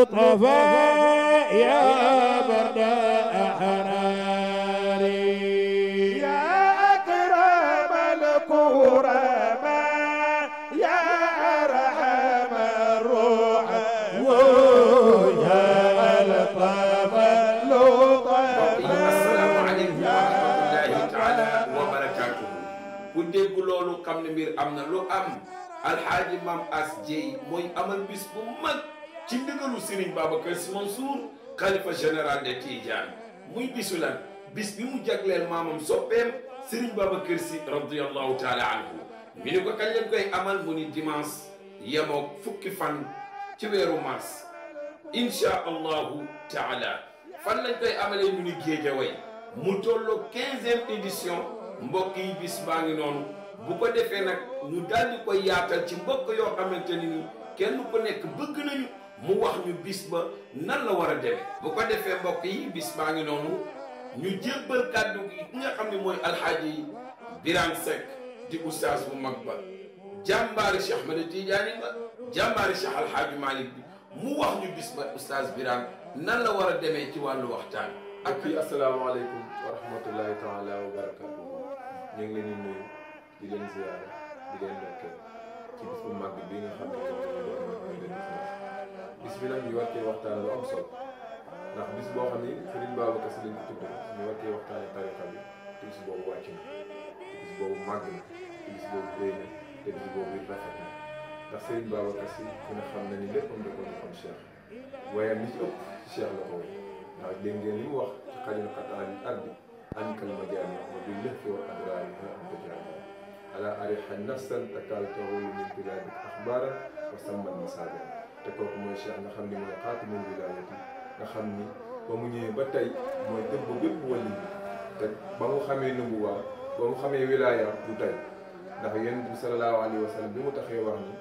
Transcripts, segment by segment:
المصطفى يا برد أحراري يا أكرم الكرم يا أرحم الروح يا ألطف اللطف السلام عليكم ورحمة الله تعالى وبركاته وديك لولو كم نمير أمنا لو أم الحاج مام أس جي موي أمل بس بمك ci ndigalu Serigne Babacar Sy Mansour xalifa général de Tidiane muy bisu lan bis bi mu jagleel maamam soppeem Serigne Babacar Sy radiyallahu taala anhu mi ni ko kañ koy amal mu ni dimanche yemoog fukki fan ci weeru mars insha allahu taala fan lañ koy amalee ñu ni Géejawaay mu tolloo quinzième édition mbokk yi bis baa ngi noonu bu ko defee nag ñu daal di koy yaatal ci mbokk yoo xamante ni kenn ku nekk bëgg nañu mu wax ñu bis ba nan la war a demee bu ko defee mbokk yi bis baa ngi noonu ñu jébbal kàddu gi ki nga xam ni mooy alxaaji Birame Seck di oustaz bu mag ba jàmbaari ma Ahmed Tidiane ba jàmbaari Cheikh alxaaji Malick bi mu wax ñu bis ba oustaz Birame nan la war a demee ci wàllu waxtaan ak yi asalaamaaleykum wa rahmatullahi taala wa barakatu ñu ngi leen di nuyu di leen ziyaara di leen ndokkee ci bis bu mag bi nga xam ne bis bi nag ñu war cee waxtaane lu am solo ndax bis boo xam ni Serigne Babacar Sy lañ ko tudd ñu war cee waxtaane tarixa bi te bis boobu wàcc na te bis boobu màgg na te bis boobu rëy na te bis boobu rafet na ndax Serigne Babacar Sy ku ne xam na ni léppam da ko defoon Cheikh waaye li ci ëpp ci Cheikh la ko woon ndax dégg ngeen li mu wax ci xajul xataan yi addi ankal ma jaar ma bi lépp yoo adraa yi nga am ko jaar ala arixa nafsan takal taxulu min biladik axbaara wa samman masaabiha te kooku mooy Cheikh nga xam ni mooy xaatimul wilaayati nga xam ni ba mu ñëwee ba tey mooy dëgg bépp wàllu te ba mu xamee nubuwaa ba mu xamee wilaaya du tey ndax yonent bi salallaahu alayhi wa sallam bi mu taxee wax ni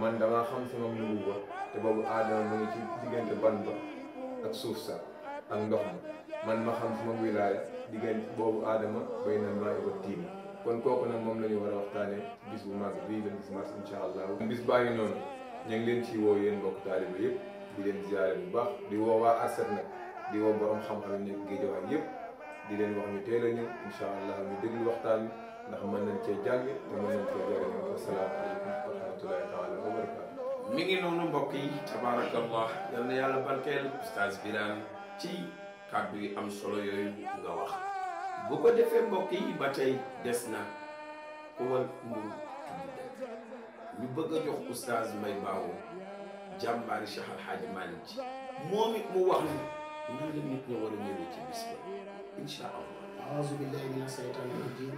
man damaa xam sama nubuwa te boobu aadama mu ngi ci diggante ban ba ak suuf sa ak ndox ma man ma xam sama wilaaya diggante boobu aadama bay na maa ngi tiim kon kooku nag moom la ñu war a waxtaanee bis bu mag bii la bis mars incha allah. bis baa ngi noonu. ñu ngi leen ci woo yéen mbokk taalibe yëpp di leen ziare bu baax di woo waa di woo borom xam-xam ñu nekk Géejawaay yëpp di leen wax ñu teel a ñëw incha allah ñu déglu waxtaan bi ndax mën nañ cee jàng te mën nañ cee jariñu wasalaamaaleykum wa rahmatulahi taala wa mi ngi noonu mbokk yi tabaarakallah yal na yàlla barkeel oustaz Birane ci kàddu yi am solo yooyu nga wax bu ko defee mbokk yi ba tey des na ku wal bëgg a jox oustaz Mbaye Mbawo jàmbaari Cheikh Al Hadj Malick ci moom it mu wax ni nii la nit ñi war a ñëwee ci bis ba incha allah. aouzu billahi min asaytaani rajim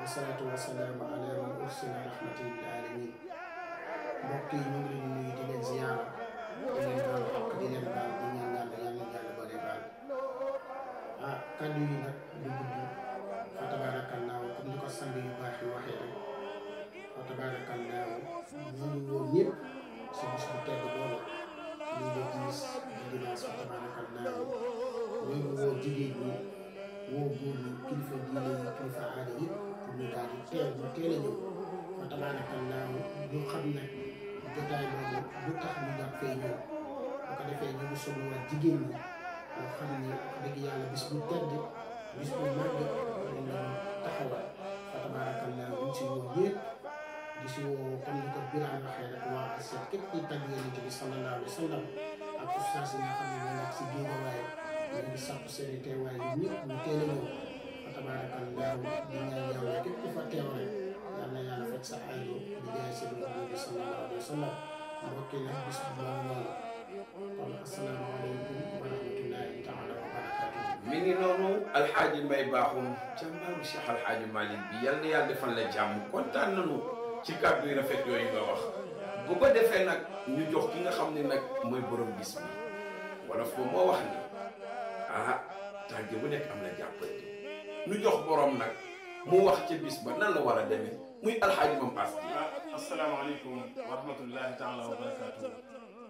wasalaatu wasalaamu ala man ursila rahmatin lil alamin mbokk yi ñu ngi leen nuyu di leen ziyaara di leen baal di leen baal di ñaan yàlla yàlla yàlla bëri baal ah kaddu yi woo góorlu kilifa diine yi kilifa aada yi pour ñu daal di teel ñu teel a ñëw fa tabaarakallaahu ñu xam ne jotaay boobu lu tax ñu daal fee ñëw bu ko defee ñu ngi soxla jigéen ñi nga xam ne dëgg yàlla bis bu tedd bis bu màgg moom la ñu taxawal fa tabaarakallaahu ñu si woo ñëpp di si woo comme ni ko Birame waxee rek waa ASEP képp kuy tàgg yonent bi sallallahu alayhi wa sallam ak ustaas yi nga xam ne ñoo nekk si géejawaay ñu ngi seen i teewaay yi ñëpp ñu teel a ñëw yal na yàlla faj noonu alxaaji Mbay Baaxum ca mbaaru Cheikh alxaaji bi yal na defal la jàmm kontaan nañu ci kàddu yu rafet yooyu nga wax bu ko defee nag ñu jox ki nga xam ne nag mooy borom bis bi wolof ko moo wax ni ah tànk bu nekk am na jàppante lu jox borom nag mu wax ci bis ba nan la war a demee muy alxaaji mam as ah asalaamaaleykum wa rahmatullahi taala wa barakaatu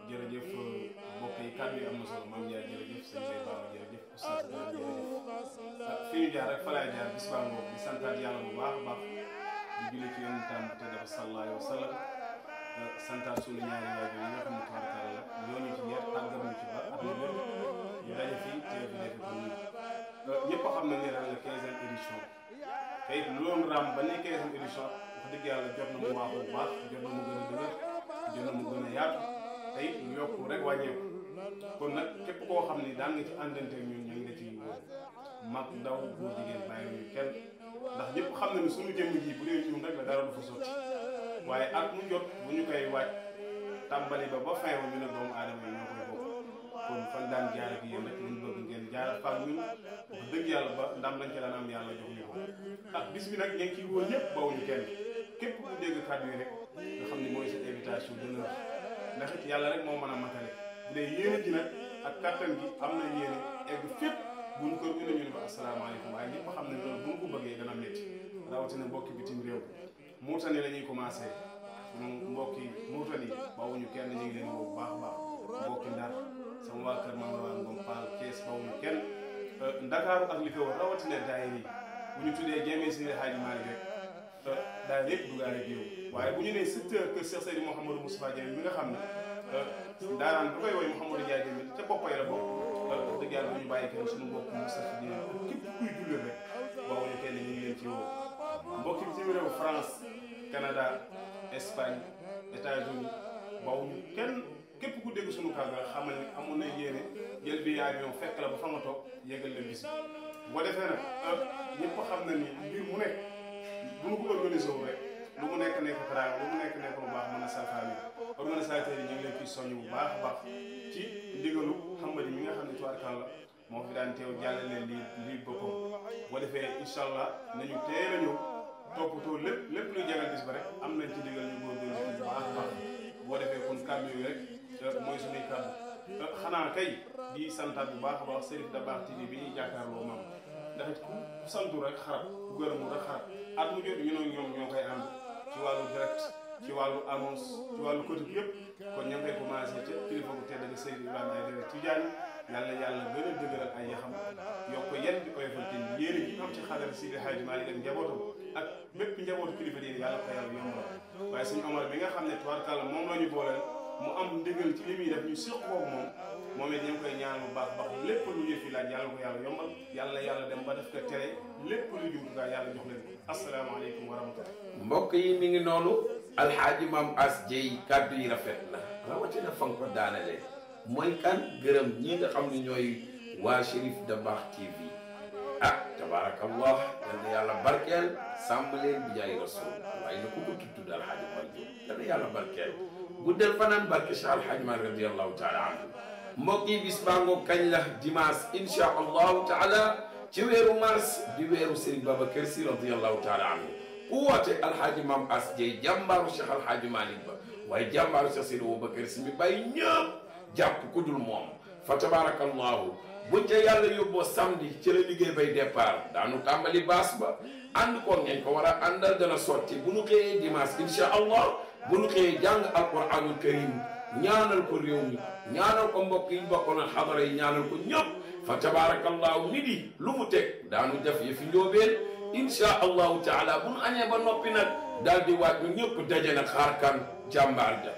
jërëjëf euh, mbokk yi kàddu yi am na solo maam Ndiaye jërëjëf sëñ Bay Baara jërëjëf oustaz Ba jërëjëf fii ñu jaar rek fa laay jaar bis baa ngoog di santaat yàlla bu baax a baax di julli ci yonentam te dafa sallallahu alayhi wa sallam santaat suñu ñaari yaay yi nga xam ne tabarkalla ñoo ñu ba ak ñu euh, yàlla jot na mu waaxu bu baax jot na mu gën mu képp koo xam ne daan nga ci àndante ñun ngi la ciy woo mag ndaw góor kenn ndax ñëpp xam nañu suñu jëmm ji bu dee ñun rek la dara du waaye at mu jot mu ñu koy waaj tàmbali ba ba fin ñu ne doomu aadama yi ñoo koy bokk kon fan daan jaar ngeen jaar fan dëgg yàlla ba daan am yàlla jox ñu ko ak bis bi nag ña ngi ciy woo ñëpp bawuñu kenn képp ku dégg kàddu yi rek nga xam ne mooy sa invitation d'honneur ndax it yàlla rek moo mën a matale bu dee yéene ak kàttan gi am na yéene egg fépp buñ ko ñu ne ñu ne ko asalaamaaleykum waaye ñëpp xam ne loolu bu ñu ko bëggee dana métti rawatina mbokki bitim réew muutani la ñuy commencé suñu mbokki muutani bawuñu kenn ñu ngi leen woo bu a baax mbokki ndar sama waa kër maam waa Ngom Paal Kees bawuñu kenn euh, Ndakaaru bu ñu tuddee Jéemee Seydi Hadji Malick rek euh, daayir yëpp dugaale bu ñu nee secteur kër Cheikh Seydou Mouhamadou Moustapha mi nga xam ne euh, daaraan bu koy woy Mouhamadou Diagne ca boppay la bokk bu ñu bàyyi kenn suñu mbokk Moustapha Diagne leen ci woo mbokk yi ci réew France Canada Espagne États-Unis bawuñu kenn képp ku dégg sunu kàggal xamal ni amoon na yéene jël bi avion fekk la ba fa ma toog yégal bi boo defee nag ah, na ni mu nekk bu mu mu nekk nekk lu baax mën a saltaani organisateurs yi ñu ngi bu baax baax ci ndigalu xambali mi nga xam ne tubaarkàlla moo fi daan teew jàllale lii lii boppam boo defee incha allah nañu teel ñëw toppatoo lépp lépp luy jagal bis ba rek am nañ ci digal ñu góorgóorlu ci bu baax a baax boo defee kon kàddu yooyu rek mooy suñuy kàddu xanaa kay di santaat bu baax a baax Cherif Dabakh TV bi ñuy jàkkaarloo moom ndax it ku santu rek xarab ku gërëmu rek xarab at mu jot ñu ne ñoom ñoo koy ànd ci wàllu direct ci wàllu annonce ci wàllu côté bi yëpp kon ña ngi koy commencé ca kilifa bu tedd ga Serigne Ibrahima Aïdara Tidiane yàlla yàlla gën a dëgëral ay yaxam yokk yenn Refane yéen a ji am ci xadar Seydi Hadji Malick ak ak bépp njabootu kilifa diine yàlla ko yàlla yombal waaye suñu amal bi nga xam ne tubaarkàlla moom la ñu de mu am ndigal ci li muy def ñu séq koog moom moom it ñu koy ñaan bu baax baax lépp lu yëf yi yàlla dem ba def ko tere lépp lu jumtukaay yàlla jox leen asalaamaaleykum wa rahmatulah. mbokk yi mi ngi noonu alxaaji maam as Dieye kàddu yi rafet la rawatina fa nga ko daanalee mooy kan gërëm ah tabaarakallah yal na yàlla barkeel sàmm leen bi jaay rasul waaye na ku ko tudd daal xaaji barke yal fanaan barke Cheikh Al Hadj Malick taala anhu mbokk yi bis baa ngoog kañ la dimanche taala ci weeru mars di weeru Serigne Babacar Sy radiyallahu taala anhu ku woote alxaaji maam as Dieye jàmbaaru Cheikh Al Hadj Malick ba waaye jàmbaaru Cheikh Sidi Babacar Sy mi bàyyi ñëpp jàpp ku dul moom fa tabaarakallahu buñ ca yàlla yóbboo samedi ci la liggéey bay départ daanu tàmbali baas ba ànd koog ñañ ko war a àndal dana sotti bu nu xëyee dimanche incha allah bu nu xëyee jàng alquranul karim ñaanal ko réew mi ñaanal ko mbokk yi bokkoon xadara yi ñaanal ko ñëpp fa tabaarakallahu mi di lu mu teg daanu def yëfi njóobeen incha allahu taala bu nu añee ba noppi nag daal di waaj ñu ñëpp daje nag xaar kan jàmbaar ja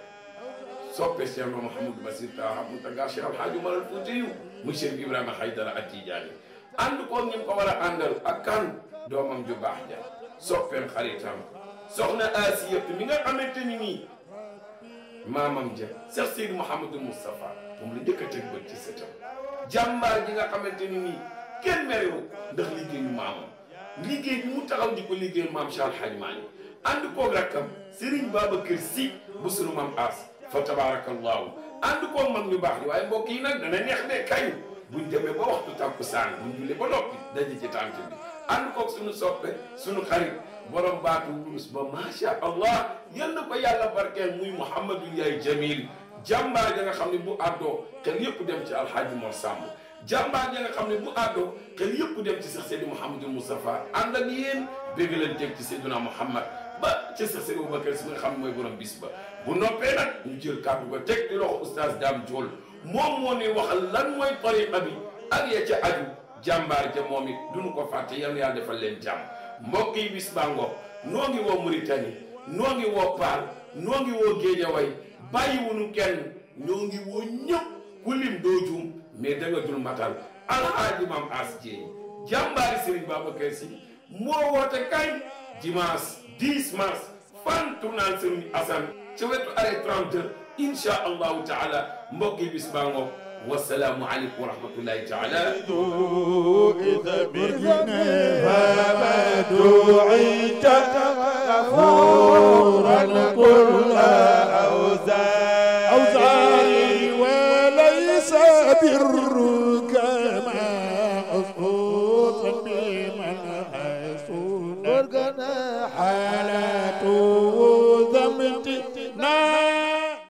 soppe Cheikh Mouhamadou Bassir Taha Mountaga Cheikh Al Hadj Omar Al Foutiyou mu Cheikh Ibrahima Haydara At Tijaani ànd koog ñi mu ko war a àndal ak kan doomam ju baax ja soppeem xaritam soxna Asiya mi nga xamante ni nii maamam ja Cheikh Seydou Mouhamadou Moustapha moom la njëkk a teg bët ci sëtam jàmbaar ji nga xamante ni nii kenn merewu ndax liggéeyu maamam liggéey bi mu taxaw di ko liggéey maam Cheikh Al Hadj Malick ànd koog rakkam Serigne Babacar Sy bu sunu maam As fa tabaarakallaahu ànd koo mag ñu baax ñi waaye mbokk yi nag dana neex de kañ buñ demee ba waxtu takkusaan buñ julli ba noppi daje ci tànk bi ànd koog suñu soppe suñu xarit borom baatu wurus ba macha allah yal na ko yàlla barkeel muy Mouhamadou Ndiaye Jamil jàmbaar ja nga xam ne bu àddoo xel yëpp dem ci alxaaji Mor Samb jàmbaar ja nga xam ne bu àddoo xel yëpp dem ci Seex Seydi Mouhamadou Moustapha ànd ak yéen bëgg leen teg ci Seydina Mouhamad ba ci Seex Seydi Aboubacar si nga xam ne mooy borom ba bu noppee nag ñu jël kàddu ko teg di loxo oustaz Dame Diol moom moo ne waxal lan mooy tariqa bi ak ya ca aju jàmbaar ja moom it duñu ko fàtte yal na defal leen jàpp mbokk yi noo ngi woo Mauritanie noo ngi woo Paal noo ngi woo Géejawaay bàyyiwuñu kenn ñoo ngi woo ñëpp ku lim doo mais da nga dul matal alhaaji maam as jéey jàmbaari Serigne Babacar Sy moo woote kañ dimanche 10 mars fan tournal Serigne Assane ca wetu arrêt 30 incha allahu taala mbokk yi bis baa ngoog wasalaamu aleykum wa rahmatullahi taala إذا بدناها ما دعيت غفورا كل